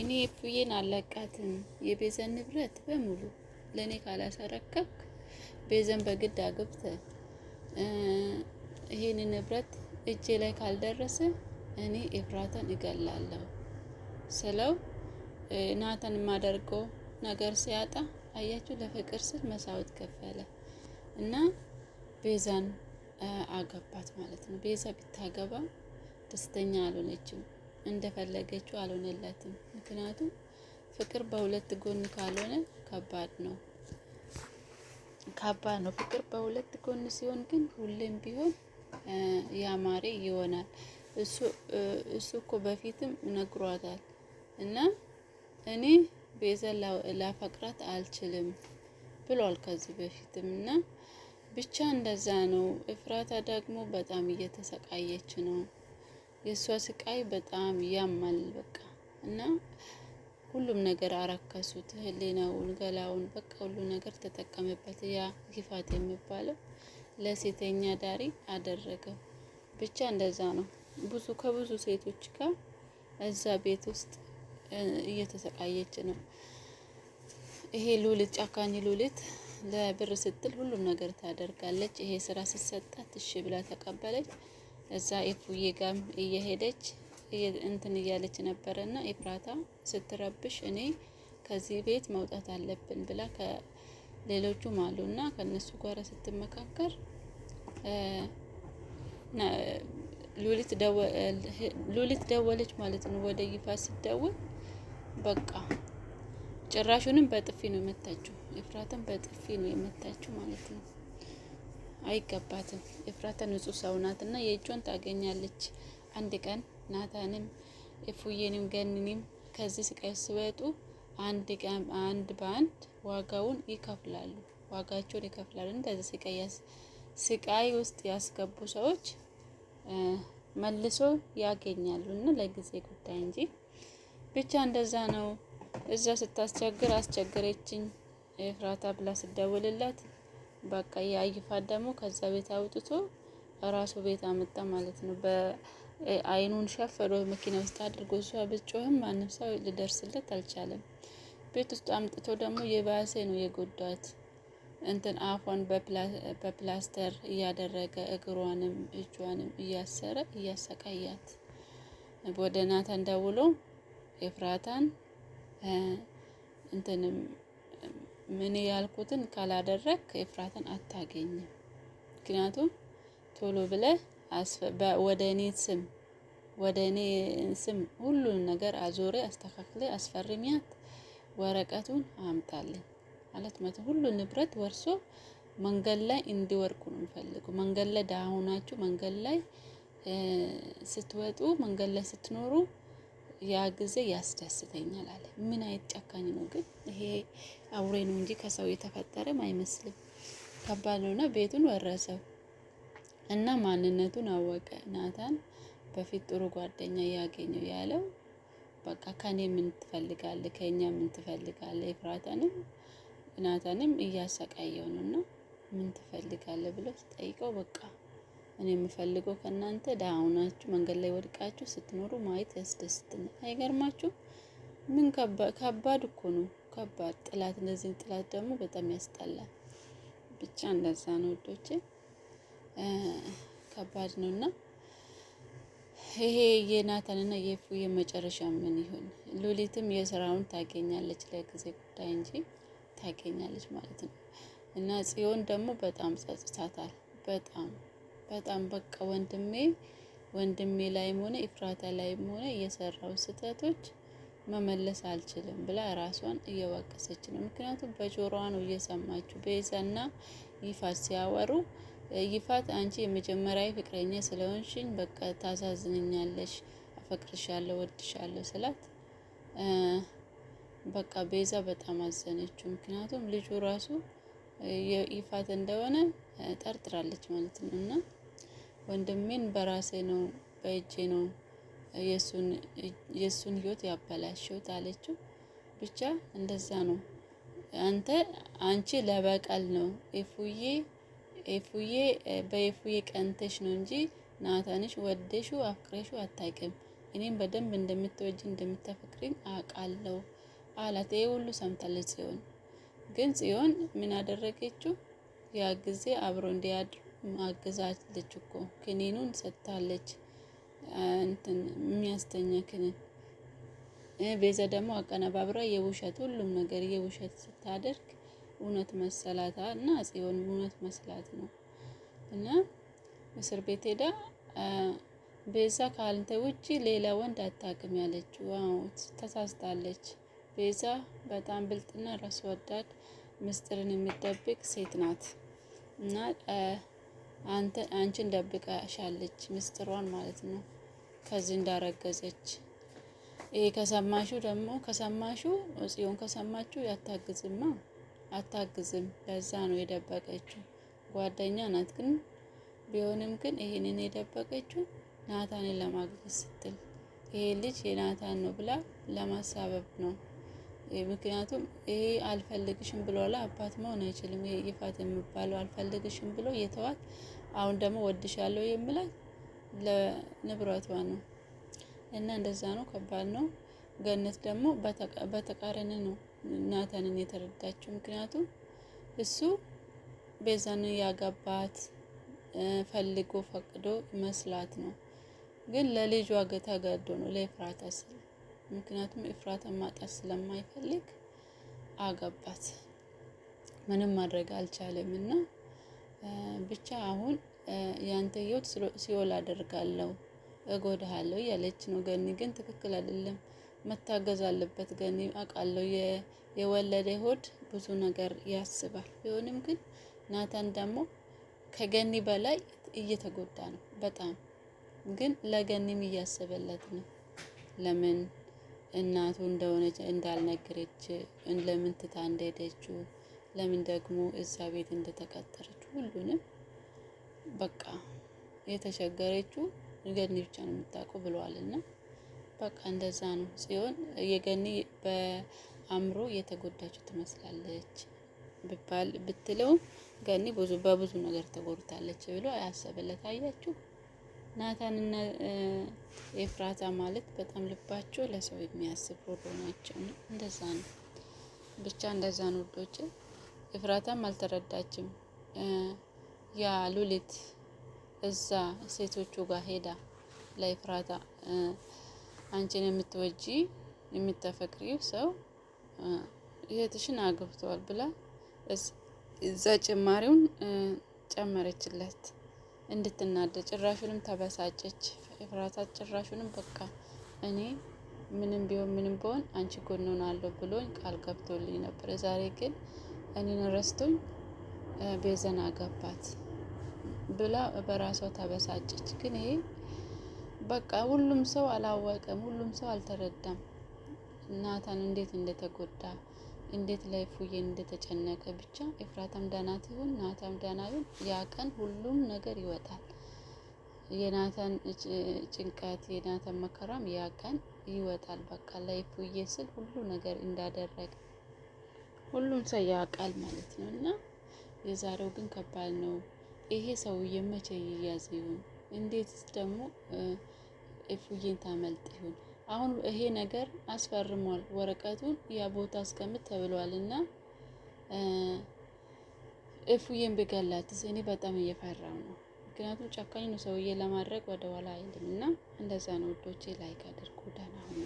እኔ የእፉዬን አለቃትን የቤዘን ንብረት በሙሉ ለእኔ ካላሰረከብክ ቤዘን በግድ አግብተ ይሄን ንብረት እጄ ላይ ካልደረሰ እኔ ኤፍራታን እገላለሁ ስለው ናተን የማደርገው ነገር ሲያጣ አያችሁ፣ ለፍቅር ስል መሳወት ከፈለ እና ቤዛን አገባት ማለት ነው። ቤዛ ብታገባ ደስተኛ አልሆነችም። እንደፈለገችው አልሆነለትም። ምክንያቱም ፍቅር በሁለት ጎን ካልሆነ ከባድ ነው ከባድ ነው። ፍቅር በሁለት ጎን ሲሆን ግን ሁሌም ቢሆን ያማረ ይሆናል። እሱ እኮ በፊትም ነግሯታል እና እኔ ቤዛን ላፈቅራት አልችልም ብሏል ከዚህ በፊትም እና ብቻ እንደዛ ነው። እፍራታ ደግሞ በጣም እየተሰቃየች ነው። የእሷ ስቃይ በጣም ያማል። በቃ እና ሁሉም ነገር አራከሱት። ህሊናውን፣ ገላውን በቃ ሁሉ ነገር ተጠቀመበት። ያ ግፋት የሚባለው ለሴተኛ ዳሪ አደረገው። ብቻ እንደዛ ነው። ብዙ ከብዙ ሴቶች ጋር እዛ ቤት ውስጥ እየተሰቃየች ነው። ይሄ ሉሊት ጫካኝ ሉሊት ለብር ስትል ሁሉም ነገር ታደርጋለች። ይሄ ስራ ስትሰጣት እሺ ብላ ተቀበለች። እዛ ኢፉዬ ጋም እየሄደች እንትን እያለች ነበረ እና ኤፍራታ ስትረብሽ እኔ ከዚህ ቤት መውጣት አለብን ብላ ከሌሎቹም አሉ እና ከእነሱ ጋር ስትመካከር ሉሊት ደወለች ማለት ነው። ወደ ይፋ ስትደውል በቃ ጭራሹንም በጥፊ ነው የመታችው። ኤፍራታን በጥፊ ነው የመታችው ማለት ነው። አይገባትም። ኤፍራታ ንጹህ ሰው ናት እና የእጇን ታገኛለች። አንድ ቀን ናታንም እፉዬንም ገንኒም ከዚህ ስቃይ ሲወጡ አንድ ቀን አንድ በአንድ ዋጋውን ይከፍላሉ፣ ዋጋቸውን ይከፍላሉ። እንደዚህ ስቃይ ስቃይ ውስጥ ያስገቡ ሰዎች መልሶ ያገኛሉ እና ለጊዜ ጉዳይ እንጂ ብቻ እንደዛ ነው። እዛ ስታስቸግር አስቸግረችኝ ኤፍራታ ብላ ስደውልላት በቃ የአይፋት ደግሞ ከዛ ቤት አውጥቶ ራሱ ቤት አመጣ ማለት ነው። በአይኑን ሸፈዶ መኪና ውስጥ አድርጎ እሷ ብጮህም ማንም ሰው ሊደርስለት አልቻለም። ቤት ውስጥ አምጥቶ ደግሞ የባሰ ነው የጎዳት። እንትን አፏን በፕላስተር እያደረገ እግሯንም እጇንም እያሰረ እያሰቃያት ወደ ናታን ደውሎ ኤፍራታን እንትንም ምን ያልኩትን ካላደረግ ኤፍራትን አታገኝም። ምክንያቱም ቶሎ ብለ ወደ እኔ ስም ወደ እኔ ስም ሁሉን ነገር አዞሬ አስተካክለ አስፈርሚያት፣ ወረቀቱን አምጣልኝ ማለት መቶ ሁሉ ንብረት ወርሶ መንገድ ላይ እንዲወርቁ ነው የሚፈልጉ። መንገድ ላይ ዳሁናችሁ መንገድ ላይ ስትወጡ መንገድ ላይ ስትኖሩ ያ ጊዜ ያስደስተኛል አለ። ምን አይነት ጨካኝ ነው ግን! ይሄ አውሬ ነው እንጂ ከሰው የተፈጠረም አይመስልም። ከባድ ነውና ቤቱን ወረሰው እና ማንነቱን አወቀ። ናታን በፊት ጥሩ ጓደኛ ያገኘው ያለው በቃ ከኔ ምን ትፈልጋለህ? ከኛ ምን ትፈልጋለህ? ኤፍራታንም ናታንም እያሰቃየው ነውና ምን ትፈልጋለህ ብሎ ጠይቀው በቃ እኔ የምፈልገው ከእናንተ ደህና ሆናችሁ መንገድ ላይ ወድቃችሁ ስትኖሩ ማየት ያስደስትናል። አይገርማችሁ? ምን ከባድ እኮ ነው። ከባድ ጥላት፣ እንደዚህ ጥላት ደግሞ በጣም ያስጠላል። ብቻ እንደዛ ነው ወዶቼ፣ ከባድ ነው እና ይሄ የናታንና የፉ መጨረሻ ምን ይሆን? ሉሊትም የስራውን ታገኛለች፣ ለጊዜ ጉዳይ እንጂ ታገኛለች ማለት ነው። እና ጽዮን ደግሞ በጣም ጸጽታታል በጣም በጣም በቃ ወንድሜ ወንድሜ ላይም ሆነ ኢፍራታ ላይም ሆነ የሰራው ስህተቶች መመለስ አልችልም ብላ ራሷን እየወቀሰች ነው። ምክንያቱም በጆሮዋ ነው እየሰማችሁ ቤዛና ይፋት ሲያወሩ ይፋት አንቺ የመጀመሪያ ፍቅረኛ ስለሆንሽኝ በቃ ታሳዝንኛለሽ፣ አፈቅርሻለሁ፣ ወድሻለሁ ስላት በቃ ቤዛ በጣም አዘነችው። ምክንያቱም ልጁ ራሱ ይፋት እንደሆነ ጠርጥራለች ማለት ነው እና ወንድሜን በራሴ ነው በእጄ ነው የእሱን ህይወት ያበላሸሁት አለችው። ብቻ እንደዛ ነው። አንተ አንቺ ለበቀል ነው ኤፉዬ ኤፉዬ በኤፉዬ ቀንተሽ ነው እንጂ ናታንሽ ወደሹ አፍቅረሹ አታውቅም። እኔም በደንብ እንደምትወጂ እንደምታፈቅሪኝ አውቃለሁ አላት። ይሄ ሁሉ ሰምታለች ጽዮን። ግን ጽዮን ምን አደረገችው? ያ ጊዜ አብሮ እንዲያድር አግዛለች እኮ ክኒኑን ሰጥታለች። እንትን የሚያስተኛ ክኒን ቤዛ ደግሞ አቀነባብራ የውሸት ሁሉም ነገር የውሸት ስታደርግ እውነት መሰላታ እና ጽዮን እውነት መስላት ነው። እና እስር ቤት ሄዳ ቤዛ ከአንተ ውጪ ሌላ ወንድ አታውቅም ያለችው ተሳስታለች። ቤዛ በጣም ብልጥና ራስ ወዳድ ምስጢርን የምትደብቅ ሴት ናት እና አንቺን ደብቃሻለች፣ ምስጢሯን ማለት ነው። ከዚህ እንዳረገዘች ይሄ ከሰማሹ ደግሞ ከሰማሹ ጽዮን ከሰማችሁ ያታግዝማ አታግዝም። ለዛ ነው የደበቀችው። ጓደኛ ናት ግን ቢሆንም ግን ይሄንን የደበቀችው ናታንን ለማግኘት ስትል ይሄ ልጅ የናታን ነው ብላ ለማሳበብ ነው። ምክንያቱም ይሄ አልፈልግሽም ብሎ ላ አባት መሆን አይችልም። ይሄ ይፋት የሚባለው አልፈልግሽም ብሎ የተዋት አሁን ደግሞ ወድሻለሁ የሚላት ለንብረቷ ነው እና እንደዛ ነው። ከባድ ነው። ገነት ደግሞ በተቃረነ ነው ናታንን የተረዳችው። ምክንያቱም እሱ ቤዛን ያገባት ፈልጎ ፈቅዶ መስላት ነው፣ ግን ለልጇ ተገዶ ነው ለፍራታ ስል ምክንያቱም ኤፍራታን ማጣት ስለማይፈልግ አገባት። ምንም ማድረግ አልቻለም እና ብቻ አሁን ያንተ ህይወት ሲወል አደርጋለሁ እጎዳሃለሁ እያለች ነው። ገኒ ግን ትክክል አይደለም፣ መታገዝ አለበት። ገኒ አውቃለሁ የወለደ ሆድ ብዙ ነገር ያስባል። ቢሆንም ግን ናታን ደግሞ ከገኒ በላይ እየተጎዳ ነው በጣም ግን ለገኒም እያሰበለት ነው ለምን እናቱ እንደሆነች እንዳልነገረች ለምን ትታ እንደሄደችው ለምን ደግሞ እዛ ቤት እንደተቀጠረች ሁሉንም በቃ የተቸገረችው ገኒ ብቻ ነው የምታውቀው ብለዋልና በቃ እንደዛ ነው ሲሆን የገኒ በአእምሮ የተጎዳችው ትመስላለች ብባል ብትለው ገኒ ብዙ በብዙ ነገር ተጎድታለች ብሎ ያሰበለት አያችሁ። ናታንና ኤፍራታ ማለት በጣም ልባቸው ለሰው የሚያስብ ወዶ ናቸው። እንደዛ ነው ብቻ እንደዛ ነው ወዶች። ኤፍራታም አልተረዳችም። ያ ሉሊት እዛ ሴቶቹ ጋር ሄዳ ለኤፍራታ አንቺን የምትወጂ የምታፈቅሪው ሰው እህትሽን አግብተዋል ብላ እዛ ጭማሪውን ጨመረችለት። እንድትናደድ ጭራሹንም ተበሳጨች። ኤፍራታ ጭራሹንም በቃ እኔ ምንም ቢሆን ምንም ቢሆን አንቺ ጎን ሆናለሁ ብሎኝ ቃል ገብቶልኝ ነበር። ዛሬ ግን እኔን ረስቶኝ ቤዘን አገባት ብላ በራሷ ተበሳጨች። ግን ይሄ በቃ ሁሉም ሰው አላወቀም፣ ሁሉም ሰው አልተረዳም ናታን እንዴት እንደተጎዳ እንዴት ለእፉዬን እንደተጨነቀ ብቻ። ኤፍራታም ደህና ትሁን፣ ናታም ደህና ይሁን፣ ያ ቀን ሁሉም ነገር ይወጣል። የናታን ጭንቀት፣ የናታን መከራም ያ ቀን ይወጣል። በቃ ለእፉዬ ስል ሁሉ ነገር እንዳደረገ ሁሉም ሰው ያውቃል ማለት ነው። እና የዛሬው ግን ከባድ ነው። ይሄ ሰውዬ መቼ ይያዝ ይሆን? እንዴትስ ደግሞ እፉዬን ታመልጥ ይሁን? አሁን ይሄ ነገር አስፈርሟል። ወረቀቱን ያ ቦታ አስቀምጥ ተብሏል እና እፉዬን ብገላትስ እኔ በጣም እየፈራው ነው። ምክንያቱም ጨካኝ ነው ሰውዬ ለማድረግ ወደኋላ አይልም እና እንደዛ ነው። ውዶቼ ላይክ አድርጉ። ደህና ሁኑ።